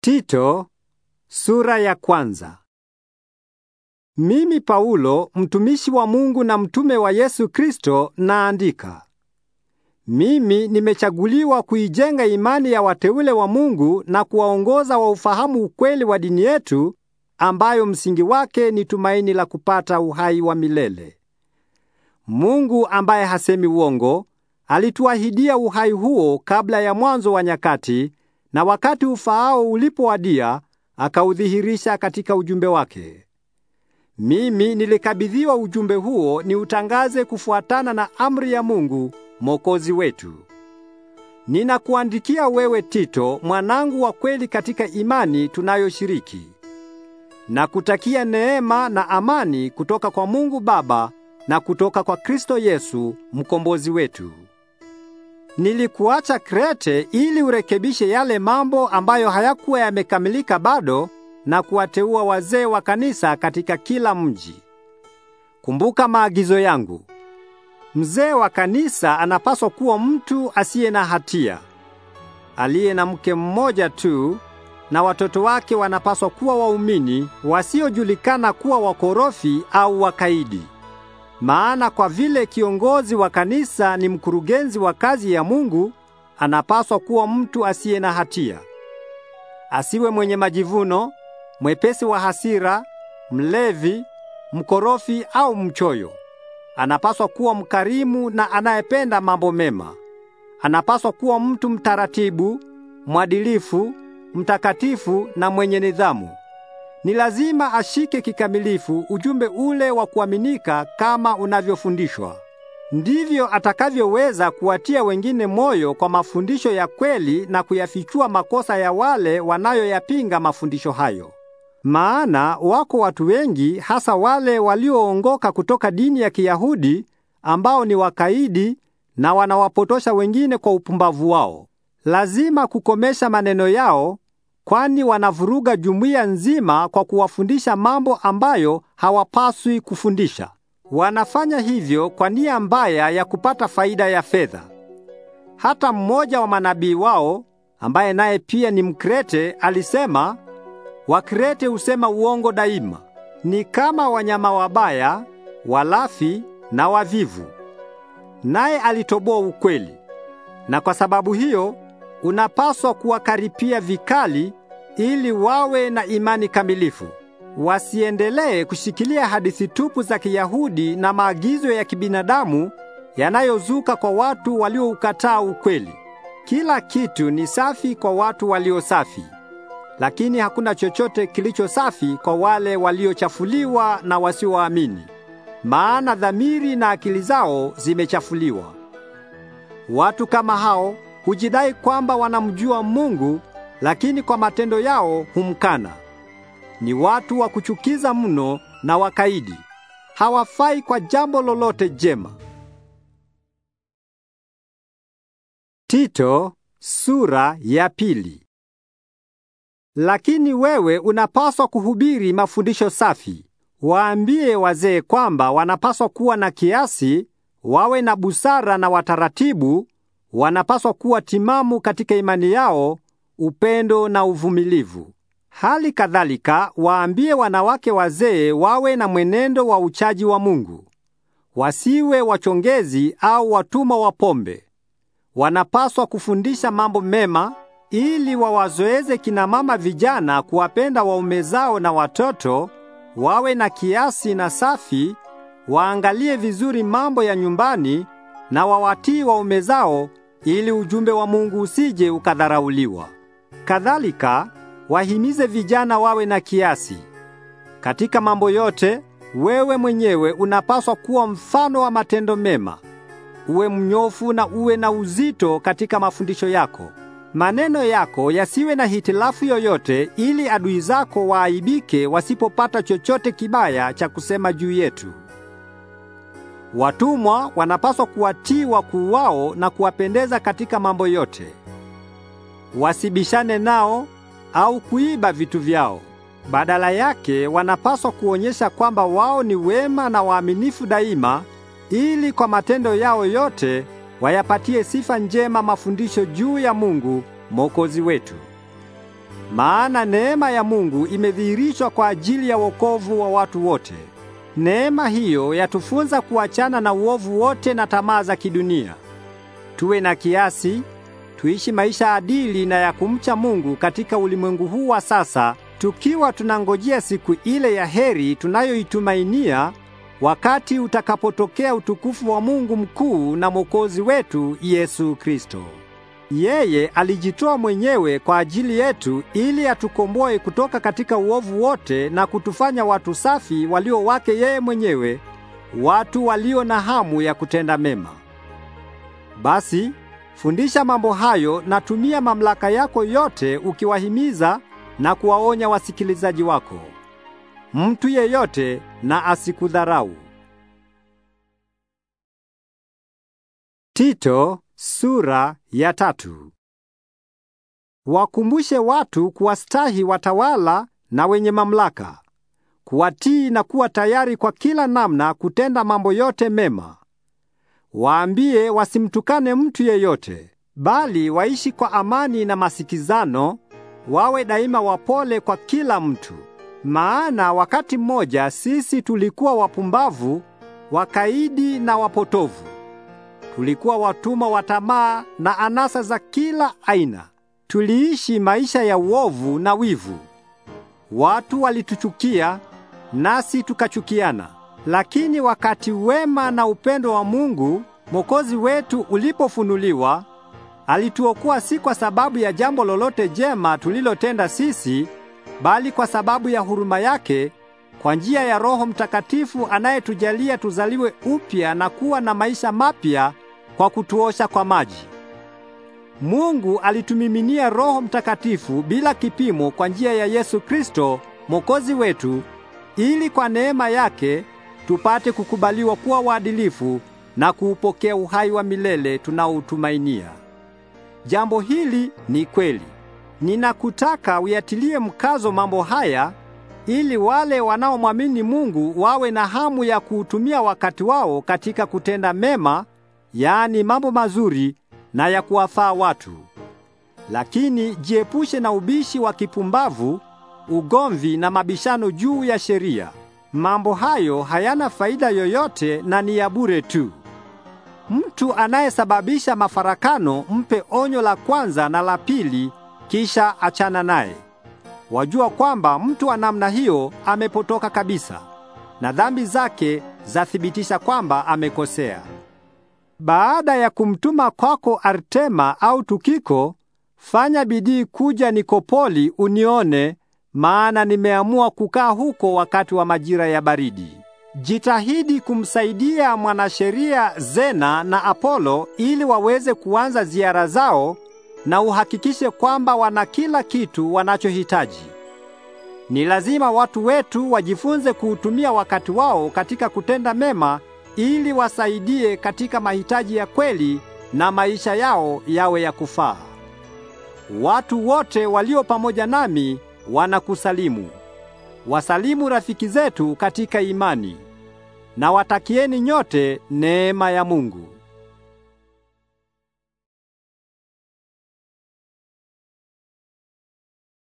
Tito sura ya kwanza. Mimi Paulo mtumishi wa Mungu na mtume wa Yesu Kristo naandika. Mimi nimechaguliwa kuijenga imani ya wateule wa Mungu na kuwaongoza wa ufahamu ukweli wa dini yetu ambayo msingi wake ni tumaini la kupata uhai wa milele. Mungu ambaye hasemi uongo alituahidia uhai huo kabla ya mwanzo wa nyakati na wakati ufaao ulipowadia akaudhihirisha katika ujumbe wake. Mimi nilikabidhiwa ujumbe huo niutangaze kufuatana na amri ya Mungu Mwokozi wetu. Ninakuandikia wewe Tito, mwanangu wa kweli katika imani tunayoshiriki. Nakutakia neema na amani kutoka kwa Mungu Baba na kutoka kwa Kristo Yesu mkombozi wetu. Nilikuacha Krete ili urekebishe yale mambo ambayo hayakuwa yamekamilika bado na kuwateua wazee wa kanisa katika kila mji. Kumbuka maagizo yangu. Mzee wa kanisa anapaswa kuwa mtu asiye na hatia, aliye na mke mmoja tu, na watoto wake wanapaswa kuwa waumini wasiojulikana kuwa wakorofi au wakaidi. Maana kwa vile kiongozi wa kanisa ni mkurugenzi wa kazi ya Mungu, anapaswa kuwa mtu asiye na hatia. Asiwe mwenye majivuno, mwepesi wa hasira, mlevi, mkorofi au mchoyo. Anapaswa kuwa mkarimu na anayependa mambo mema. Anapaswa kuwa mtu mtaratibu, mwadilifu, mtakatifu na mwenye nidhamu. Ni lazima ashike kikamilifu ujumbe ule wa kuaminika kama unavyofundishwa. Ndivyo atakavyoweza kuwatia wengine moyo kwa mafundisho ya kweli na kuyafichua makosa ya wale wanayoyapinga mafundisho hayo. Maana wako watu wengi hasa wale walioongoka kutoka dini ya Kiyahudi ambao ni wakaidi na wanawapotosha wengine kwa upumbavu wao. Lazima kukomesha maneno yao kwani wanavuruga jumuiya nzima kwa kuwafundisha mambo ambayo hawapaswi kufundisha. Wanafanya hivyo kwa nia mbaya ya kupata faida ya fedha. Hata mmoja wa manabii wao ambaye naye pia ni Mkrete alisema, Wakrete husema uongo daima, ni kama wanyama wabaya, walafi na wavivu. Naye alitoboa ukweli. Na kwa sababu hiyo unapaswa kuwakaripia vikali ili wawe na imani kamilifu, wasiendelee kushikilia hadithi tupu za Kiyahudi na maagizo ya kibinadamu yanayozuka kwa watu walioukataa ukweli. Kila kitu ni safi kwa watu walio safi, lakini hakuna chochote kilicho safi kwa wale waliochafuliwa na wasioamini, maana dhamiri na akili zao zimechafuliwa. Watu kama hao hujidai kwamba wanamjua Mungu, lakini kwa matendo yao humkana. Ni watu wa kuchukiza mno na wakaidi, hawafai kwa jambo lolote jema. Tito sura ya pili. Lakini wewe unapaswa kuhubiri mafundisho safi. Waambie wazee kwamba wanapaswa kuwa na kiasi, wawe na busara na wataratibu, wanapaswa kuwa timamu katika imani yao, upendo na uvumilivu. Hali kadhalika waambie wanawake wazee wawe na mwenendo wa uchaji wa Mungu. Wasiwe wachongezi au watumwa wa pombe. Wanapaswa kufundisha mambo mema ili wawazoeze kina mama vijana kuwapenda waume zao na watoto, wawe na kiasi na safi, waangalie vizuri mambo ya nyumbani na wawatii waume zao ili ujumbe wa Mungu usije ukadharauliwa. Kadhalika, wahimize vijana wawe na kiasi. Katika mambo yote, wewe mwenyewe unapaswa kuwa mfano wa matendo mema. Uwe mnyofu na uwe na uzito katika mafundisho yako. Maneno yako yasiwe na hitilafu yoyote, ili adui zako waaibike wasipopata chochote kibaya cha kusema juu yetu. Watumwa wanapaswa kuwatii wakuu wao na kuwapendeza katika mambo yote. Wasibishane nao au kuiba vitu vyao. Badala yake wanapaswa kuonyesha kwamba wao ni wema na waaminifu daima, ili kwa matendo yao yote wayapatie sifa njema mafundisho juu ya Mungu Mwokozi wetu. Maana neema ya Mungu imedhihirishwa kwa ajili ya wokovu wa watu wote. Neema hiyo yatufunza kuachana na uovu wote na tamaa za kidunia. Tuwe na kiasi, tuishi maisha adili na ya kumcha Mungu katika ulimwengu huu wa sasa, tukiwa tunangojea siku ile ya heri tunayoitumainia wakati utakapotokea utukufu wa Mungu mkuu na Mwokozi wetu Yesu Kristo. Yeye alijitoa mwenyewe kwa ajili yetu ili atukomboe kutoka katika uovu wote na kutufanya watu safi walio wake yeye mwenyewe, watu walio na hamu ya kutenda mema. Basi fundisha mambo hayo na tumia mamlaka yako yote ukiwahimiza na kuwaonya wasikilizaji wako. Mtu yeyote na asikudharau. Tito sura ya tatu. Wakumbushe watu kuwastahi watawala na wenye mamlaka, kuwatii na kuwa tayari kwa kila namna kutenda mambo yote mema. Waambie wasimtukane mtu yeyote, bali waishi kwa amani na masikizano, wawe daima wapole kwa kila mtu. Maana wakati mmoja sisi tulikuwa wapumbavu, wakaidi na wapotovu Tulikuwa watumwa wa tamaa na anasa za kila aina. Tuliishi maisha ya uovu na wivu. Watu walituchukia nasi tukachukiana. Lakini wakati wema na upendo wa Mungu Mwokozi wetu ulipofunuliwa, alituokoa si kwa sababu ya jambo lolote jema tulilotenda sisi, bali kwa sababu ya huruma yake kwa njia ya Roho Mtakatifu anayetujalia tuzaliwe upya na kuwa na maisha mapya kwa kutuosha kwa maji. Mungu alitumiminia Roho Mtakatifu bila kipimo kwa njia ya Yesu Kristo Mwokozi wetu ili kwa neema yake tupate kukubaliwa kuwa waadilifu na kuupokea uhai wa milele tunaoutumainia. Jambo hili ni kweli. Ninakutaka uyatilie mkazo mambo haya ili wale wanaomwamini Mungu wawe na hamu ya kuutumia wakati wao katika kutenda mema yaani mambo mazuri na ya kuwafaa watu. Lakini jiepushe na ubishi wa kipumbavu, ugomvi na mabishano juu ya sheria. Mambo hayo hayana faida yoyote na ni ya bure tu. Mtu anayesababisha mafarakano mpe onyo la kwanza na la pili, kisha achana naye. Wajua kwamba mtu wa namna hiyo amepotoka kabisa, na dhambi zake zathibitisha kwamba amekosea. Baada ya kumtuma kwako Artema au Tukiko, fanya bidii kuja Nikopoli unione, maana nimeamua kukaa huko wakati wa majira ya baridi. Jitahidi kumsaidia mwanasheria Zena na Apolo ili waweze kuanza ziara zao na uhakikishe kwamba wana kila kitu wanachohitaji. Ni lazima watu wetu wajifunze kuutumia wakati wao katika kutenda mema ili wasaidie katika mahitaji ya kweli na maisha yao yawe ya kufaa. Watu wote walio pamoja nami wanakusalimu. Wasalimu rafiki zetu katika imani. Na watakieni nyote neema ya Mungu.